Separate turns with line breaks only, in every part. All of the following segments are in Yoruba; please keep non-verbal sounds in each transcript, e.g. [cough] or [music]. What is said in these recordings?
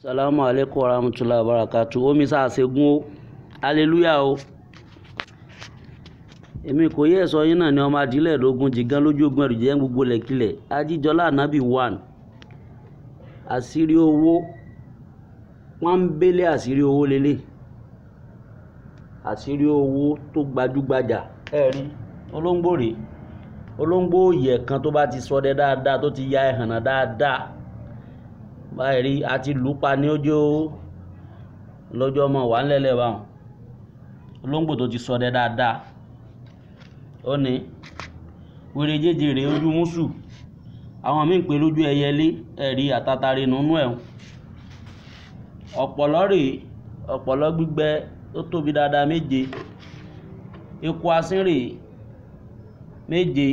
salamu alaikum warahmatullahi wabarakatuh omi sáà segun o aleluya o èmi kò yẹ ẹ̀sọ́ yín náà ni ọmọ adìlẹ̀ lógún jìgán lójú ogun ẹ̀rù jẹ́ gbogbo lẹ́kílẹ̀ ajíjọlá ànábì one àṣírí owó pọ́nbélé àṣírí owó lélẹ̀ àṣírí owó tó gbajúgbajà ẹ̀rí olóńgbò re, olóńgbò òyẹ̀ kan tó bá ti sọdẹ dáadáa tó ti ya ẹ̀hànà dáadáa. báyìí rí àti lùpa ní ojú lọ́jọ́ ọmọ wà ńlẹ̀lẹ̀ báwọn olóńgbò tó ti sọdẹ dáadáa ó ní wèrè jèjì rèé ojú mùsù àwọn míì pé lójú ẹyẹlé ẹ̀rí àtàtàrí nínú ẹ̀ ọ̀pọ̀lọ́ rèé ọ̀pọ̀lọ́ gbígbẹ tó tóbi dáadáa méje eku asín rèé méje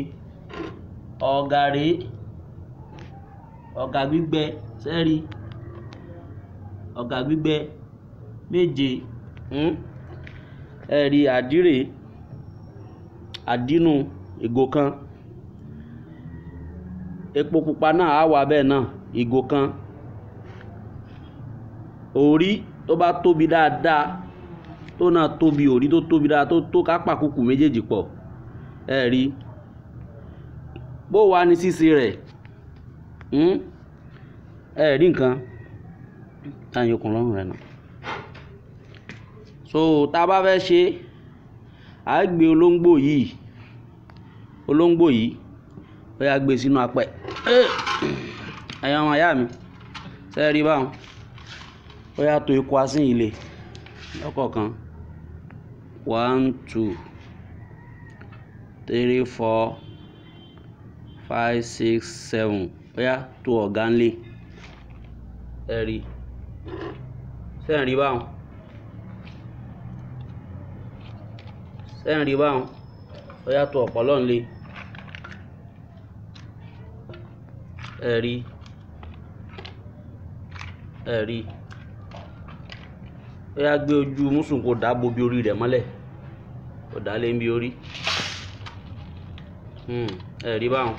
ọ̀gà rèé ọ̀gà gbígbẹ sẹ́rí ọ̀gà gbígbẹ méje hmm? ẹ̀rí àdírè àdínú ìgò kan epo pupa náà á wà bẹ́ẹ̀ náà ìgò kan òrí tó bá tóbi dáadáa tó náà tóbi òrí tó tóbi dáadáa tó tó kápá kúkú méjèèjì pọ̀ ẹ̀rí bó wà ní ṣíṣe rẹ̀ Hmm? ẹ rí nǹkan tá à ń yọkùn lọ́rùn rẹ̀ nà so tá a bá fẹ́ ṣe à á gbé olóńgbò yìí olóńgbò yìí ó yà gbé sínú apẹ [coughs] ẹ̀yin ọmọ ìyá mi ṣe rí báwọn ó yà tó ikú asín ilé lọ́kọ̀ọ̀kan one two three four five six seven bóyá tó ọ̀gá ńlé ẹ̀rí sẹ́ẹ̀rí báwọn sẹ́ẹ̀rí báwọn bóyá tó ọ̀pọ̀lọ́ ńlé ẹ̀rí ẹ̀rí bóyá gbé ojú mùsùn kò dáàbò bí orí rẹ̀ mọ́lẹ̀ kò dá lé ń bí orí hmm, ẹ̀rí báwọn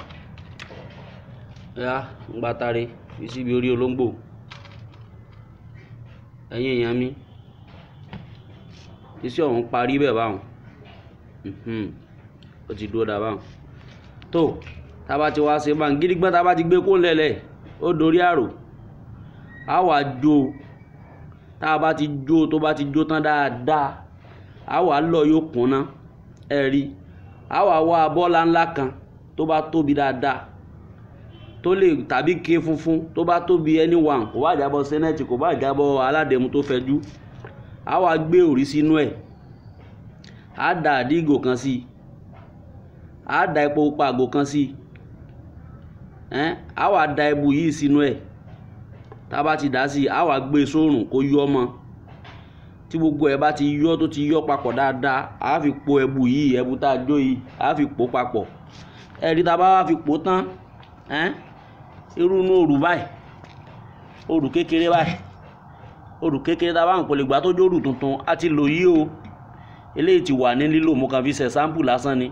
yá gba tare fi síbi orí olóńgbò ẹ̀yin èèyàn mi iṣẹ́ ọ̀hún parí bẹ́ẹ̀ báwọn ó ti dúró dáa báwọn tó tá a bá ti wá ṣe báwọn gidigbọ́n tá a bá ti gbé kó lẹ̀lẹ̀ ó dorí àrò á wà jó tá a bá ti jó tó bá ti jó tán dáadáa á wà lọ yóò kùn ẹ̀rí á wà wá abọ́lá ńlá kan tó bá tóbi dáadáa tó lè tàbí ké funfun tó bá tóbi ẹni wà kò bá jábọ́ sẹ́nẹ́tì kò bá jábọ́ aládẹ̀mú tó fẹjú á wá gbé òrí sínú ẹ̀ á da àdígò kan sí i á da epo pàgò kan sí i á wá da ebu yìí sínú ẹ̀ tá a bá ti dá sí i á wá gbé e sóòrùn kó yọ ọmọ tí gbogbo ẹ bá ti yọ tó ti yọ papọ̀ dáadáa á fi po ẹbu yìí ẹbu tá a jó yìí á fi pò papọ̀ ẹ̀rí tá a bá wá fi pò tán eh? irú inú òrù báyìí òrù kékeré báyìí òrù kékeré tá a bá ń pèlè gbà tó jó òrù tuntun a ti lò yí o eléyìí ti wà ní lílò mo kàn fi ṣe sample lásán ni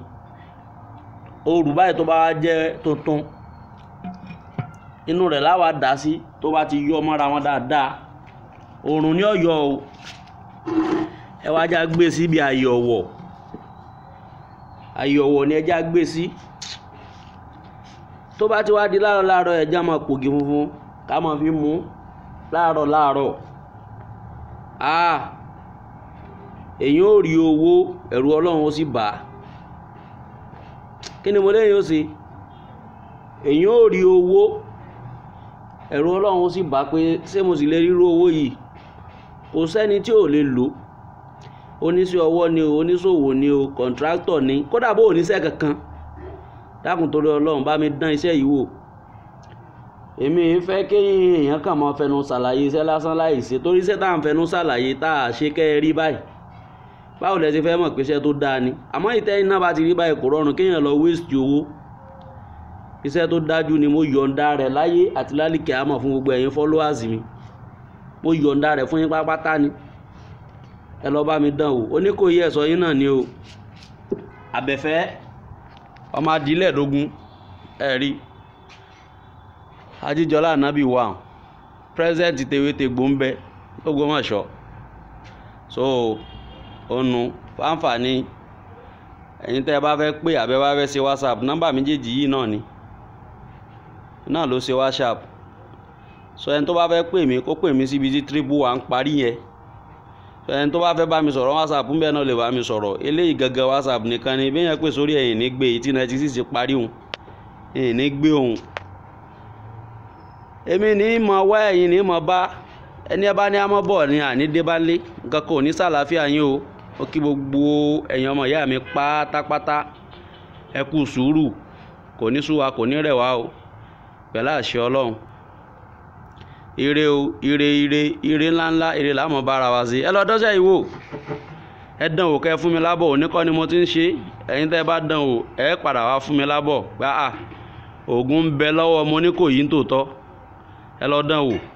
òrù báyìí tó bá jẹ́ tuntun inú rẹ̀ láwa dà sí tó bá ti yọ mọ́ra wọn dáadáa òrùn ní ọ̀yọ́ o ẹ wá já gbé síbi àyọ̀wọ̀ àyọ̀wọ̀ ni ẹ já gbé sí. Si tó bá ti wá di láàárọ̀ láàárọ̀ ẹja máa pògì funfun ká máa fi mú láàárọ̀ láàárọ̀ a èyàn ò rí owó ẹ̀rù ọlọ́run ó sì bà á kí ni mo léyìn ó ṣe èyàn ò rí owó ẹ̀rù ọlọ́run ó sì bà á pé ṣé mo sì lè rírú owó yìí kò sẹ́ni tí ò lè lò oníṣẹ́ ọwọ́ ni o oníṣòwò ni o kọ̀ǹtráktọ̀ ni kódà bó oníṣẹ́ kankan dákun torí ọlọ́run bá mi dán iṣẹ́ yìí wò èmi ń fẹ́ kéyìn èèyàn kàn máa fẹnu ṣàlàyé iṣẹ́ lásán láì ṣe torí iṣẹ́ tá à ń fẹnu ṣàlàyé tá a ṣe kẹ́ ẹ rí báyìí báwo lẹ ti fẹ́ mọ̀ pé iṣẹ́ tó dáa ni àmọ́ ìtẹ́ iná bá ti rí báyìí kò rọrùn kéèyàn lọ wéèsì owó iṣẹ́ tó dájú ni mo yọ̀ǹda rẹ̀ láyé àti lálìkẹ́ àmọ̀ fún gbogbo ẹ̀yin followers mi mo yọ̀ǹda rẹ̀ fún yín pápátá ni ẹ lọ bá mi dán o oníkòyí ẹ̀sọ́ yín náà ni o àbẹ̀fẹ́ ọmọ adìlẹ́ẹ̀dógún ẹ̀rí ajíjọlá ànábì wà pírẹsẹ̀ntì tewétegbò ń bẹ lógbómọ̀ṣọ́ so onu fáǹfààní ẹ̀yin tẹ́ ẹ bá fẹ́ pè àbẹ́ bá fẹ́ ṣe whatsapp nọ́mbà méjèèjì yìí náà ni náà ló ṣe whatsapp so ẹni tó bá fẹ́ pè mí kó pè mí síbi tí triple one parí yẹn ẹni tó bá fẹ́ bá mi sọ̀rọ̀ whatsapp ń bẹ́ẹ̀ náà lè bá mi sọ̀rọ̀ eléyìí gangan whatsapp nìkan ni bí yẹn pè sórí ẹ̀yìn ní gbé tí ninety six parí òun ẹ̀yìn ní gbé òun èmi ní mọ̀ wá ẹ̀yìn ní mọ̀ bá ẹni ẹ bá ní àmọ́ bọ̀ ni àní dé bá lé nǹkan kò ní sàlàáfíà yín o ó kí gbogbo ẹ̀yin ọmọ ìyá mi pátápátá ẹ kú sùúrù kò ní sú kò ní rẹ̀ wá o pẹ̀lú àṣẹ ọlọ́run ire o ire ire ire ńláńlá ire làá bára wa sí ẹ lọ dọ́sẹ̀ yìí ẹ dán wò fún mi lábọ̀ òní ni mo ti ń ṣe ẹ̀yin tẹ́ bá dán wò ẹ padà wá fún mi lábọ̀ gbà á ń bẹ lọ́wọ́ mo ní kò yí ń tòótọ́ ẹ lọ dán wò.